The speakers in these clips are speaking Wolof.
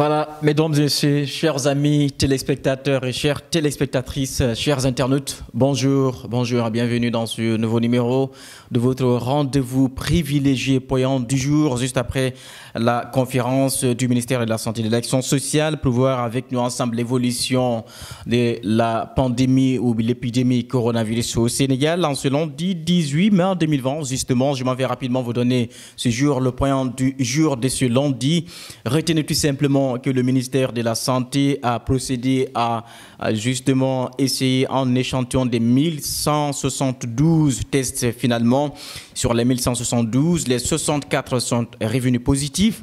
Voilà, mesdames et messieurs, chers amis téléspectateurs et chères téléspectatrices, chers internautes, bonjour, bonjour et bienvenue dans ce nouveau numéro de votre rendez-vous privilégié point du jour, juste après la conférence du ministère de la Santé et de l'Action sociale pour voir avec nous ensemble l'évolution de la pandémie ou l'épidémie coronavirus au Sénégal. En ce lundi 18 mai 2020, justement, je m'en vais rapidement vous donner ce jour, le point du jour de ce lundi. Retenez tout simplement que le ministère de la Santé a procédé à, à justement essayer en échantillon des 1172 tests finalement. Sur les 1172, les 64 sont revenus positifs.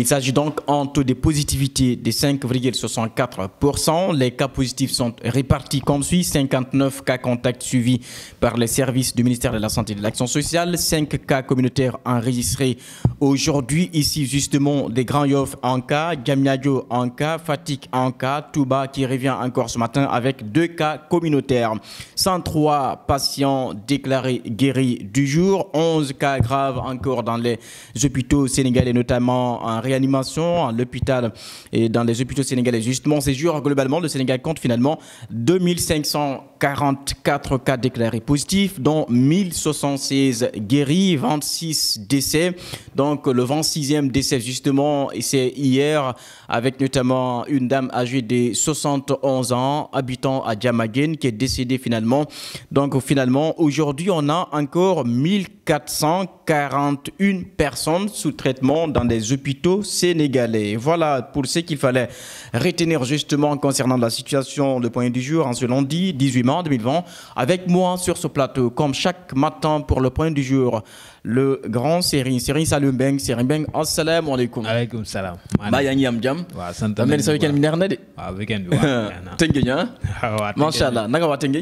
Il s'agit donc en taux de positivité de 5,64%. Les cas positifs sont répartis comme suit. 59 cas contacts suivis par les services du ministère de la Santé et de l'Action sociale. 5 cas communautaires enregistrés aujourd'hui. Ici, justement, des grands Yoff en cas, Gamiadio en cas, Fatik en cas, Touba qui revient encore ce matin avec deux cas communautaires. 103 patients déclarés guéris du jour. 11 cas graves encore dans les hôpitaux sénégalais, notamment en réanimation, à l'hôpital et dans les hôpitaux sénégalais. Justement, ces jours, globalement, le Sénégal compte finalement 2544 cas déclarés positifs, dont 1076 guéris, 26 décès. Donc, le 26e décès, justement, c'est hier, avec notamment une dame âgée de 71 ans, habitant à Djamagen, qui est décédée finalement. Donc, finalement, aujourd'hui, on a encore 1441 personnes sous traitement dans des hôpitaux sénégalais. Voilà pour ce qu'il fallait retenir justement concernant la situation de point du jour en ce lundi 18 mars 2020. Avec moi sur ce plateau, comme chaque matin pour le point du jour, le grand Serigne Serigne Saliou Beng, Serigne Beng, Assalam alaikum. Alaikum salam. Ba ngi am jàmm. waaw sant nañu sa weekend bi neex na de. waaw weekend bi waaw tëngeñ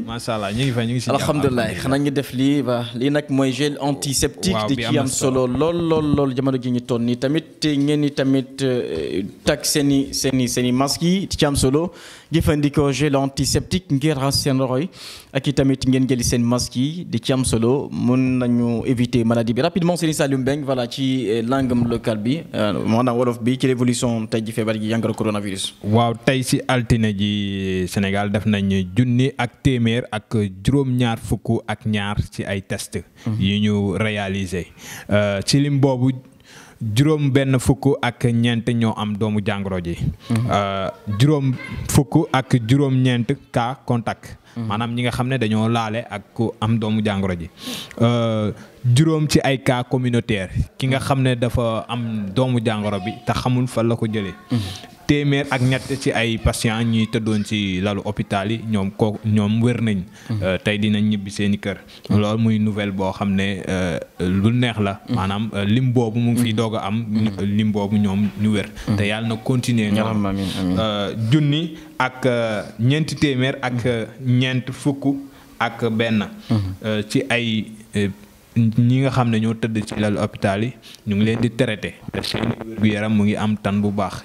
ngi fa ñi ngi si jàmm Xana xanaa def li ba li nak moy gel antiseptique. de ci am solo lol lol lol jamono gi ñi tonni nii tamit ngeen ni tamit euh, tak seni seni seni maski seen di ci am solo jëfandikoo gel antiseptique ngir raxas seen roy ak tamit ngeen jëli seen maski de di am solo mun nañu éviter maladie bi rapidement Serigne Saliou Mbeng voilà ci eh, langue locale bi euh, maanaam wolof bi ci révolution tay ji febar ji jàngoro coronavirus. waaw tay si altine ji Sénégal def nañ jouni ak témèr ak juróom-ñaar fukku ak ñaar ci ay test mhm. yi ñu réaliser euh ci lim bobu juróom benn fukk ak ñeent ñoo am doomu jàngoro ji. Mhm. Euh, juróom fukk ak juróom ñeent cas contact. Mhm. maanaam ñi nga xam ne dañoo laale ak ku am doomu jàngoro ji. Euh, juróom ci ay kaa communautaire ki nga mhm. xam ne dafa am doomu jàngoro bi te xamul fan la ko jëlee. téeméer ak ñett ci ay patients ñuy tëddoon ci lalu hôpital yi ñoom koo ñoom wér nañ. Mhm. Euh, tey dinañ ñibbi seen i kër. Mhm. loolu muy nouvelle boo xam ne euh, lu neex la. Mhm. maanaam euh, lim boobu mu ngi fiy doog a am. lim boobu ñoom ñu wér. te yàlla na continuer. ñoom junni ak ñeenti téeméer ak ñeent fukk ak benn. ci ay. ñi nga xam ne ñoo tëdd ci lalu hôpital yi ñu ngi leen di traité te seen wér gu yaram mu ngi am tan bu baax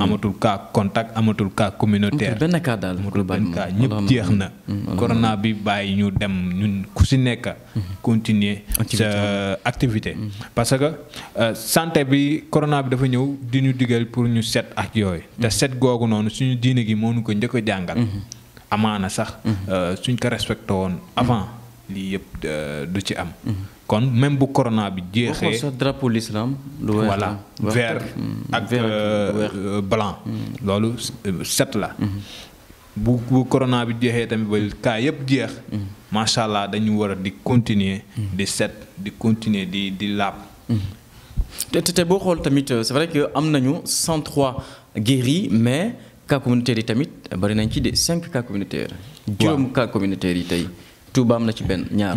amatul kaa contact amatul cas communautaire. amatul benn cas daal amatul benn cas jeex na. corona bi bàyyi ñu dem ñun ku si nekk. Mhm. continuer sa activité. Mhm. parce que euh, santé bi corona bi dafa ñëw di ñu digal pour ñu set ak yooyu. te mhm. set googu noonu suñu diine gi moo nu ko njëkk a jàngal. amaana sax. Euh, suñ ko respecté woon avant lii yëpp euh, du ci am. même bu corona bi jeexee drapeau l'islam voilà vert hmm, ak euh, euh, blanc hmm. loolu euh, set la hmm. bu corona bi jeexee tamit ba kaa yëpp ma sha allah dañu wara di continuer di set di continuer di di laab tamit c'est vrai que amnañu 103 guéris mais cas communautaires yi tamit bari nañ ci 5 cas communautaires juróom cas communautaires tay tey Touba am na ci ben ñaar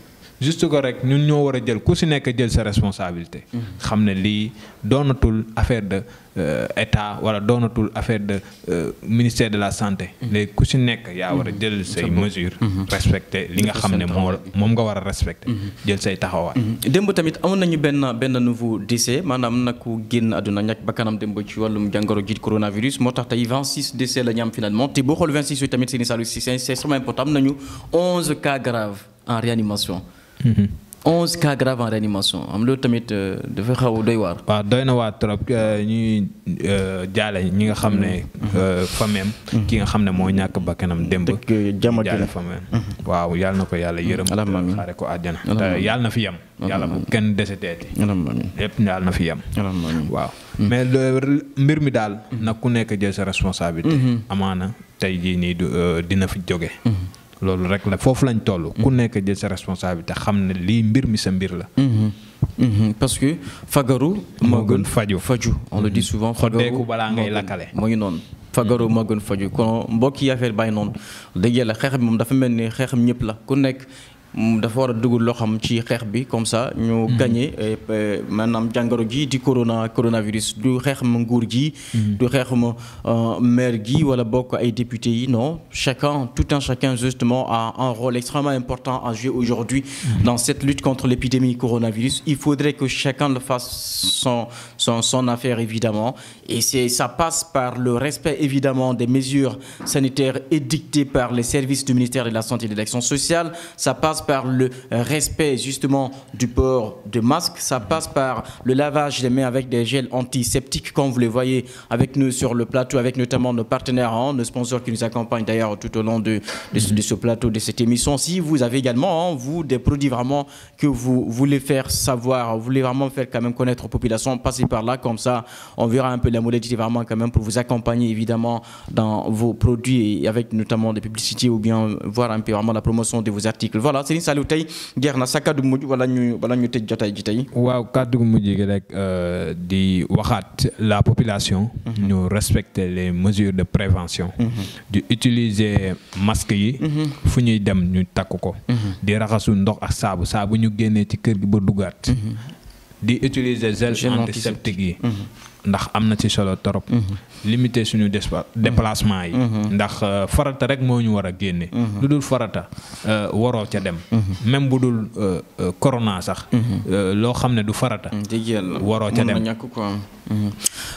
juste ko rek ñun ñoo war a jël ku si nekk jël sa responsabilité. Mm-hmm. xam ne lii doonatul affaire de Euh, état wala doonatul affaire de euh, ministère de la santé. Mhm. les ku si nekk yaa mhm. jël say mesures. Mhm. respecter li nga xamné ne moo nga wara respecter respecté. jël say taxawa démb tamit amon nañu ben ben nouveau décès manam nakou guen aduna ñak bakanam ba ci walum jàngoro ji coronavirus motax tay 26 décès la ñam finalement té boo xol 26 tamit c'est salut, salu si c'est extrêmement important am nañu 11 cas graves en réanimation. onze cas graves en réanimation am loolu tamit euh, dafa xaw doy waar. waa doy na waar trop euh, ñuy euh, jaale ñi nga xam ne. Mm-hmm. Mm-hmm. fameem mm-hmm. ki nga xam ne moo ñàkk bakkanam démb. jàmm jaale fameem waaw yàlla na ko yàlla yërëm. alhamdulilah xaare ko àjjana. te yàlla na fi yem. yàlla kenn deseteeti. lépp na fi yem. waaw mais mbir mi daal. nag ku nekk jël sa responsabilité. amaana tey jii nii dina fi jóge. lolu rek la fofu lañ toll. ku mm-hmm. nekk jël sa responsabilité xam ne lii mbir mi sa mbir la. Mm-hmm. Mm-hmm. parce que fagaru. moo gën faju faju on le dit souvent. xoddeeku balaa ngay lakkale moo ngi noonu. fagaru moo gën faju kon mbokk yi affaire bàyyi noonu dëgg yàlla xeex bi moom dafa mel ni xeexam ñëpp la ku nekk d'avoir war a dugal comme ça ñu mhm. gagné euh, maanaam corona coronavirus du xeex ma nguur gi mhm. du ma ou euh, gi wala député non chacun tout un chacun justement a un rôle extrêmement important à jouer aujourd'hui mhm. dans cette lutte contre l'épidémie coronavirus il faudrait que chacun le fasse son son son affaire évidemment et c'est ça passe par le respect évidemment des mesures sanitaires édictées par les services du ministère de la santé et de l'action sociale ça passe par le respect justement du port de masque, ça passe par le lavage des mains avec des gels antiseptiques, comme vous les voyez avec nous sur le plateau, avec notamment nos partenaires, hein, nos sponsors qui nous accompagnent d'ailleurs tout au long de, ce, plateau, de cette émission. Si vous avez également, hein, vous, des produits vraiment que vous voulez faire savoir, vous voulez vraiment faire quand même connaître aux populations, passez par là, comme ça, on verra un peu la modalité vraiment quand même pour vous accompagner évidemment dans vos produits et avec notamment des publicités ou bien voir un peu vraiment la promotion de vos articles. Voilà, Serigne Saliou tay jeex sa kaddu mujj wala ñu wala ñu tej jotaay ji tay waaw kaddu mujj gi rek euh di waxat la population. Mhm. ñu respecter les mesures de prévention. Mhm. di utiliser masque yi. Mhm. fu ñuy dem ñu takko ko. di raxasu ndox ak saabu saabu ñu génnee ci kër gi ba duggaat. di utiliser gel antiseptique yi ndax am na ci solo trop mhm. limiter suñu déplacement yi mhm. Mhm. ndax euh, farata rek moo ñu war a génne lu dul farata euh, waroo ca dem même bu dul euh, corona sax loo xam ne du farata waroo ca dem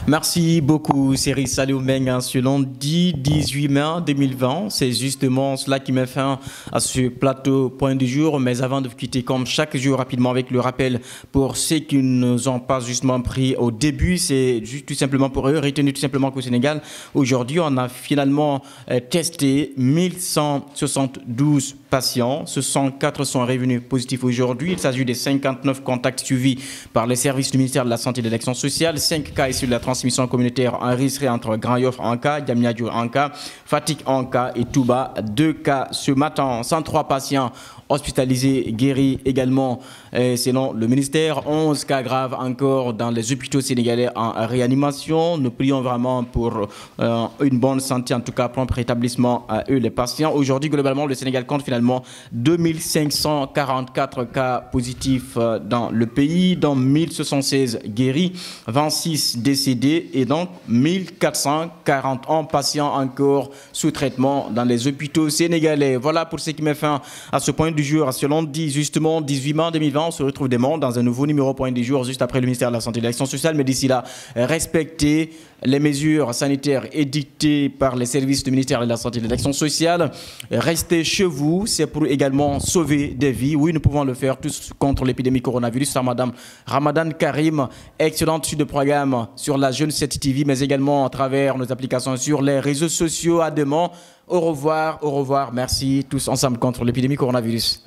Merci beaucoup, Série Salou Meng. Ce hein, lundi 18 mai 2020, c'est justement cela qui met fin à ce plateau point du jour. Mais avant de vous quitter, comme chaque jour, rapidement avec le rappel pour ceux qui ne nous ont pas justement pris au début, c'est Juste tout simplement pour eux, retenez tout simplement qu'au Sénégal, aujourd'hui, on a finalement euh, testé 1172 patients. Ce quatre sont revenus positifs aujourd'hui. Il s'agit des 59 contacts suivis par les services du ministère de la Santé et de l'Action sociale. 5 cas issus de la transmission communautaire enregistrés entre Grand Yoff en cas, Diamniadio en cas, Fatik en cas et Touba. 2 cas ce matin. 103 patients hospitalisés guéris également selon le ministère. 11 cas graves encore dans les hôpitaux sénégalais en réanimation. Nous prions vraiment pour euh, une bonne santé, en tout cas propre rétablissement à eux les patients. Aujourd'hui, globalement, le Sénégal compte finalement 2544 cas positifs euh, dans le pays, dont 1076 guéris, 26 décédés et donc 1441 patients encore sous traitement dans les hôpitaux sénégalais. Voilà pour ce qui met fin à ce point du jour. À ce lundi, justement, 18 mars 2020, on se retrouve demain dans un nouveau numéro point du jour, juste après le ministère de la Santé et de l'Action sociale. Mais d'ici là, respectez les mesures sanitaires édictées par les services du ministère de la Santé et de l'Action sociale. Restez chez vous c'est pour également sauver des vies. Oui, nous pouvons le faire tous contre l'épidémie coronavirus. Madame Ramadan Karim, excellente suite de programme sur la Jeune 7 TV, mais également à travers nos applications sur les réseaux sociaux. À demain. Au revoir, au revoir. Merci tous ensemble contre l'épidémie coronavirus.